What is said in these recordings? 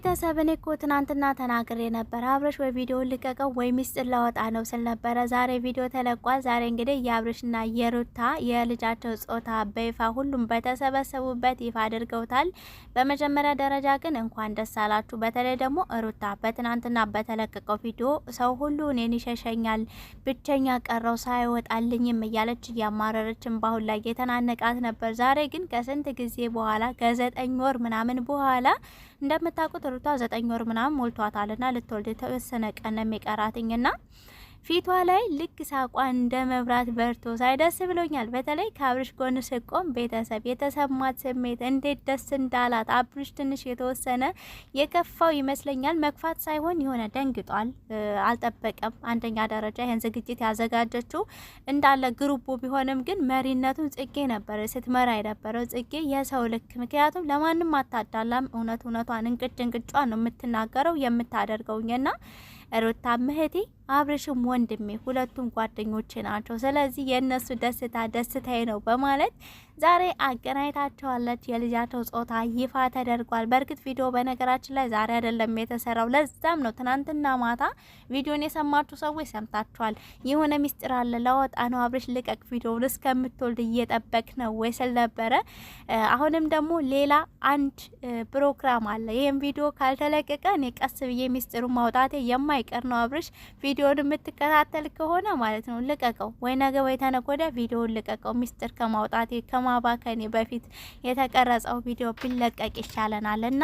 ቤተሰብ እኔ እኮ ትናንትና ተናግሬ ነበር፣ አብረሽ ወይ ቪዲዮ ልቀቀው ወይ ሚስጥር ላወጣ ነው ስል ነበረ። ዛሬ ቪዲዮ ተለቋል። ዛሬ እንግዲህ የአብረሽና የሩታ የልጃቸው ጾታ በይፋ ሁሉም በተሰበሰቡበት ይፋ አድርገውታል። በመጀመሪያ ደረጃ ግን እንኳን ደስ አላችሁ። በተለይ ደግሞ ሩታ በትናንትና በተለቀቀው ቪዲዮ ሰው ሁሉ እኔን ይሸሸኛል፣ ብቸኛ ቀረው ሳይወጣልኝም እያለች እያማረረችን ባሁን ላይ የተናነቃት ነበር። ዛሬ ግን ከስንት ጊዜ በኋላ ከዘጠኝ ወር ምናምን በኋላ እንደምታውቁት ሩታ ዘጠኝ ወር ምናምን ሞልቷታልና ልትወልድ የተወሰነ ቀን ነው ፊቷ ላይ ልክ ሳቋ እንደ መብራት በርቶ ሳይደስ ብሎኛል። በተለይ ከአብርሽ ጎን ስቆም ቤተሰብ የተሰማት ስሜት እንዴት ደስ እንዳላት። አብርሽ ትንሽ የተወሰነ የከፋው ይመስለኛል። መክፋት ሳይሆን የሆነ ደንግጧል፣ አልጠበቀም። አንደኛ ደረጃ ይህን ዝግጅት ያዘጋጀችው እንዳለ ግሩቡ ቢሆንም ግን መሪነቱን ጽጌ ነበር ስትመራ የነበረው ጽጌ የሰው ልክ። ምክንያቱም ለማንም አታዳላም። እውነት እውነቷን እንቅጭ እንቅጯን ነው የምትናገረው የምታደርገውኝና ሩታም ምህቴ አብርሽም ወንድሜ፣ ሁለቱም ጓደኞቼ ናቸው። ስለዚህ የእነሱ ደስታ ደስታዬ ነው በማለት ዛሬ አገናኝታቸዋለች። የልጃቸው ጾታ ይፋ ተደርጓል። በእርግጥ ቪዲዮ በነገራችን ላይ ዛሬ አይደለም የተሰራው። ለዛም ነው ትናንትና ማታ ቪዲዮን የሰማችሁ ሰዎች ሰምታችኋል። የሆነ ሚስጥር አለ ለወጣ ነው አብርሽ ልቀቅ ቪዲዮውን እስከምትወልድ እየጠበቅ ነው ወይ ስል ነበረ። አሁንም ደግሞ ሌላ አንድ ፕሮግራም አለ። ይህም ቪዲዮ ካልተለቀቀ እኔ ቀስ ብዬ ሚስጥሩ ማውጣቴ የማይቀር ነው። አብርሽ ቪዲዮን የምትከታተል ከሆነ ማለት ነው ልቀቀው፣ ወይ ነገ ወይ ተነጎዳ ቪዲዮን ልቀቀው ሚስጥር ከማውጣቴ ከማ ከማባከኔ በፊት የተቀረጸው ቪዲዮ ቢለቀቅ ይሻለናል እና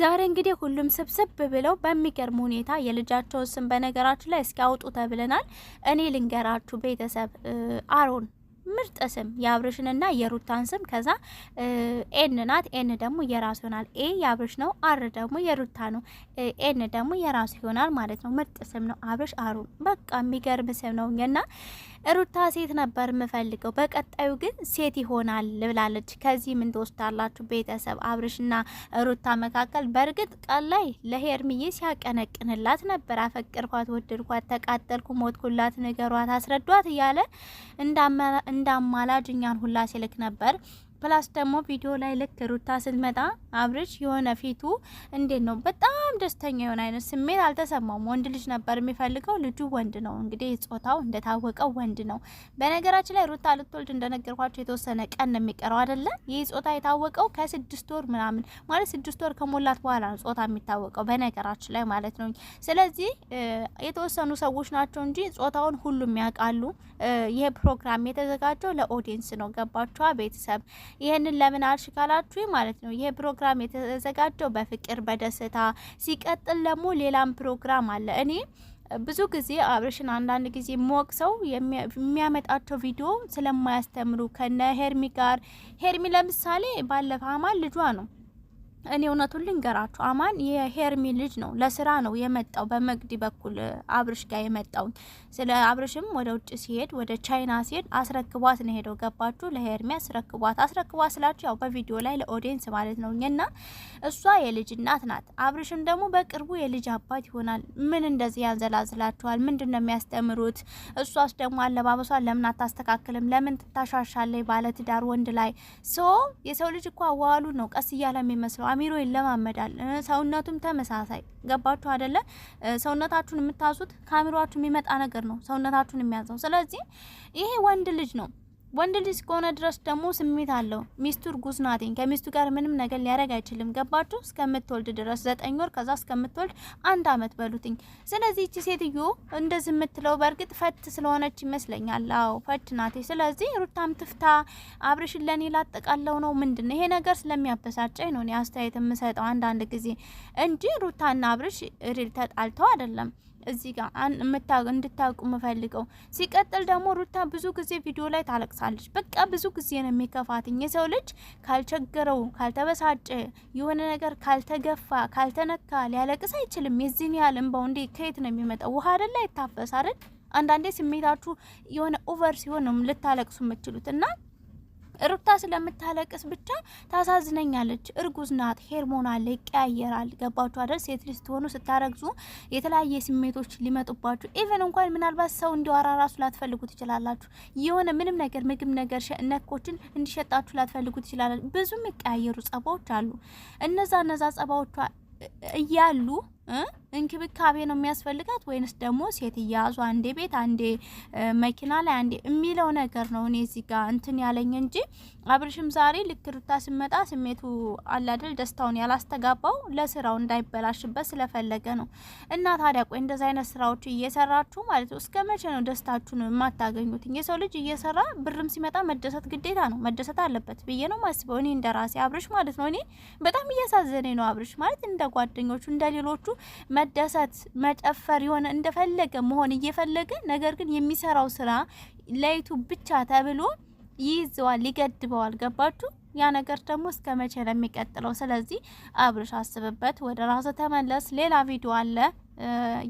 ዛሬ እንግዲህ ሁሉም ስብስብ ብለው በሚገርም ሁኔታ የልጃቸውን ስም በነገራችሁ ላይ እስኪያውጡ ተብለናል። እኔ ልንገራችሁ ቤተሰብ አሮን ምርጥ ስም የአብርሽንና የሩታን ስም ከዛ ኤን ናት። ኤን ደግሞ የራሱ ይሆናል። ኤ የአብርሽ ነው፣ አር ደግሞ የሩታ ነው፣ ኤን ደግሞ የራሱ ይሆናል ማለት ነው። ምርጥ ስም ነው አብርሽ አሩ። በቃ የሚገርም ስም ነው እና ሩታ ሴት ነበር የምፈልገው፣ በቀጣዩ ግን ሴት ይሆናል ብላለች። ከዚህ ምን ትወስዳላችሁ ቤተሰብ? አብርሽና ሩታ መካከል በእርግጥ ቀን ላይ ለሄርምዬ ሲያቀነቅንላት ነበር። አፈቅርኳት፣ ወደድኳት፣ ተቃጠልኩ፣ ሞትኩላት፣ ንገሯት፣ አስረዷት እያለ እንደ አማላጅ እኛን ሁላ ሲልክ ነበር። ፕላስ ደግሞ ቪዲዮ ላይ ልክ ሩታ ስትመጣ አብርሽ የሆነ ፊቱ እንዴት ነው በጣም ደስተኛ የሆነ አይነት ስሜት አልተሰማውም። ወንድ ልጅ ነበር የሚፈልገው። ልጁ ወንድ ነው እንግዲህ ጾታው እንደታወቀው ወንድ ነው። በነገራችን ላይ ሩታ ልትወልድ እንደነገርኳቸው የተወሰነ ቀን ነው የሚቀረው አይደለ? ይህ ጾታ የታወቀው ከስድስት ወር ምናምን ማለት ስድስት ወር ከሞላት በኋላ ነው ጾታ የሚታወቀው በነገራችን ላይ ማለት ነው። ስለዚህ የተወሰኑ ሰዎች ናቸው እንጂ ጾታውን ሁሉም ያውቃሉ። ይህ ፕሮግራም የተዘጋጀው ለኦዲየንስ ነው። ገባችኋ ቤተሰብ? ይህንን ለምን አልሽ ካላችሁ ማለት ነው ይሄ ፕሮግራም የተዘጋጀው በፍቅር በደስታ ሲቀጥል ደግሞ ሌላም ፕሮግራም አለ እኔ ብዙ ጊዜ አብርሽን አንዳንድ ጊዜ ሞቅ ሰው የሚያመጣቸው ቪዲዮ ስለማያስተምሩ ከነ ሄርሚ ጋር ሄርሚ ለምሳሌ ባለፈ አማል ልጇ ነው እኔ እውነቱን ልንገራችሁ አማን የሄርሚ ልጅ ነው። ለስራ ነው የመጣው በመግዲ በኩል አብርሽ ጋር የመጣው። ስለ አብርሽም ወደ ውጭ ሲሄድ ወደ ቻይና ሲሄድ አስረክቧት ነው ሄደው። ገባችሁ? ለሄርሚ አስረክቧት። አስረክቧት ስላችሁ ያው በቪዲዮ ላይ ለኦዲየንስ ማለት ነው። እና እሷ የልጅ እናት ናት። አብርሽም ደግሞ በቅርቡ የልጅ አባት ይሆናል። ምን እንደዚህ ያንዘላዝላችኋል? ምንድን ነው የሚያስተምሩት? እሷስ ደግሞ አለባበሷን ለምን አታስተካክልም? ለምን ትታሻሻለች? ባለትዳር ወንድ ላይ ሶ የሰው ልጅ እኮ አዋሉ ነው ቀስ እያለ የሚመስለው አሚሮ ይለማመዳል። ሰውነቱም ተመሳሳይ ገባችሁ አይደለ? ሰውነታችሁን የምታዙት ከአሚሮችሁ የሚመጣ ነገር ነው ሰውነታችሁን የሚያዘው። ስለዚህ ይሄ ወንድ ልጅ ነው ወንድ ልጅ ከሆነ ድረስ ደግሞ ስሜት አለው። ሚስቱ እርጉዝ ናትኝ ከሚስቱ ጋር ምንም ነገር ሊያደርግ አይችልም። ገባችሁ? እስከምትወልድ ድረስ ዘጠኝ ወር ከዛ እስከምትወልድ አንድ አመት በሉትኝ። ስለዚህ እቺ ሴትዮ እንደዚህ የምትለው በእርግጥ ፈት ስለሆነች ይመስለኛል። አዎ ፈት ናት። ስለዚህ ሩታም ትፍታ፣ አብርሽን ለእኔ ላጠቃለው ነው ምንድን ይሄ ነገር ስለሚያበሳጨኝ ነው እኔ አስተያየት የምሰጠው አንዳንድ ጊዜ እንጂ ሩታና አብርሽ ሪል ተጣልተው አይደለም። እዚህ ጋር እንድታውቁ የምፈልገው። ሲቀጥል ደግሞ ሩታ ብዙ ጊዜ ቪዲዮ ላይ ታለቅሳለች። በቃ ብዙ ጊዜ ነው የሚከፋትኝ። የሰው ልጅ ካልቸገረው፣ ካልተበሳጨ፣ የሆነ ነገር ካልተገፋ፣ ካልተነካ ሊያለቅስ አይችልም። የዚህን ያህል እንባው እንዴ ከየት ነው የሚመጣው? ውሃ አይደል አይታፈስ አንዳንዴ ስሜታችሁ የሆነ ኦቨር ሲሆን ነው ልታለቅሱ የምችሉት። እና ሩታ ስለምታለቅስ ብቻ ታሳዝነኛለች። እርጉዝ ናት፣ ሄርሞን አለ፣ ይቀያየራል። ገባችሁ አይደል? ሴት ልጅ ስትሆኑ ስታረግዙ የተለያየ ስሜቶች ሊመጡባችሁ ኢቨን እንኳን ምናልባት ሰው እንዲዋራ ራሱ ላትፈልጉ ትችላላችሁ። የሆነ ምንም ነገር ምግብ ነገር ነኮችን እንዲሸጣችሁ ላትፈልጉ ትችላላችሁ። ብዙ የሚቀያየሩ ጸባዎች አሉ። እነዛ እነዛ ጸባዎቿ እያሉ እንክብካቤ ነው የሚያስፈልጋት ወይንስ ደግሞ ሴት እያያዙ አንዴ ቤት አንዴ መኪና ላይ አንዴ የሚለው ነገር ነው እኔ እዚህ ጋር እንትን ያለኝ እንጂ አብርሽም ዛሬ ልክ ሩታ ስመጣ ስሜቱ አላደል ደስታውን ያላስተጋባው ለስራው እንዳይበላሽበት ስለፈለገ ነው። እና ታዲያ ቆይ እንደዚ አይነት ስራዎች እየሰራችሁ ማለት ነው እስከ መቼ ነው ደስታችሁን የማታገኙት? የሰው ልጅ እየሰራ ብርም ሲመጣ መደሰት ግዴታ ነው መደሰት አለበት ብዬ ነው ማስበው። እኔ እንደ ራሴ አብርሽ ማለት ነው እኔ በጣም እያሳዘነኝ ነው አብርሽ ማለት እንደ ጓደኞቹ እንደ ሌሎቹ ማዳሳት፣ መጨፈር የሆነ እንደፈለገ መሆን እየፈለገ ነገር ግን የሚሰራው ስራ ለይቱ ብቻ ተብሎ ይይዘዋል፣ ይገድበዋል። ገባችሁ? ያ ነገር ደግሞ እስከ መቼ ነው የሚቀጥለው? ስለዚህ አብርሽ አስብበት፣ ወደ ራሱ ተመለስ። ሌላ ቪዲዮ አለ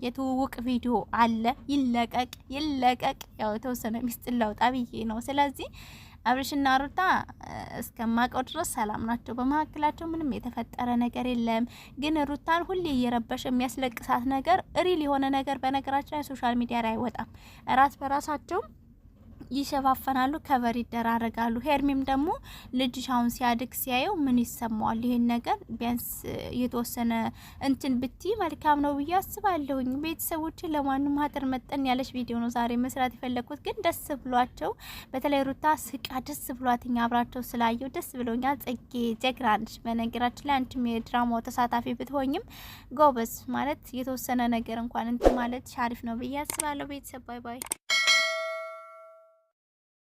የትውውቅ ቪዲዮ አለ። ይለቀቅ ይለቀቅ። ያው የተወሰነ ሚስጥር ላውጣ ብዬ ነው። ስለዚህ አብርሽና ሩታ እስከማውቀው ድረስ ሰላም ናቸው። በመካከላቸው ምንም የተፈጠረ ነገር የለም። ግን ሩታን ሁሌ እየረበሸ የሚያስለቅሳት ነገር ሪል የሆነ ነገር በነገራችን ላይ ሶሻል ሚዲያ ላይ አይወጣም። ራስ በራሳቸው ይሸፋፈናሉ፣ ከበር ይደራረጋሉ። ሄርሚም ደግሞ ልጅሽ አሁን ሲያድግ ሲያየው ምን ይሰማዋል? ይህን ነገር ቢያንስ የተወሰነ እንትን ብቲ መልካም ነው ብዬ አስባለሁኝ። ቤተሰቦች ለማንም ሀጥር መጠን ያለች ቪዲዮ ነው ዛሬ መስራት የፈለግኩት፣ ግን ደስ ብሏቸው በተለይ ሩታ ስቃ ደስ ብሏትኛ አብራቸው ስላየው ደስ ብሎኛል። ጽጌ ጀግና በነገራችን ላይ አንቺም የድራማው ተሳታፊ ብትሆኝም ጎበዝ ማለት የተወሰነ ነገር እንኳን እንትን ማለት አሪፍ ነው ብዬ አስባለሁ። ቤተሰብ ባይ ባይ።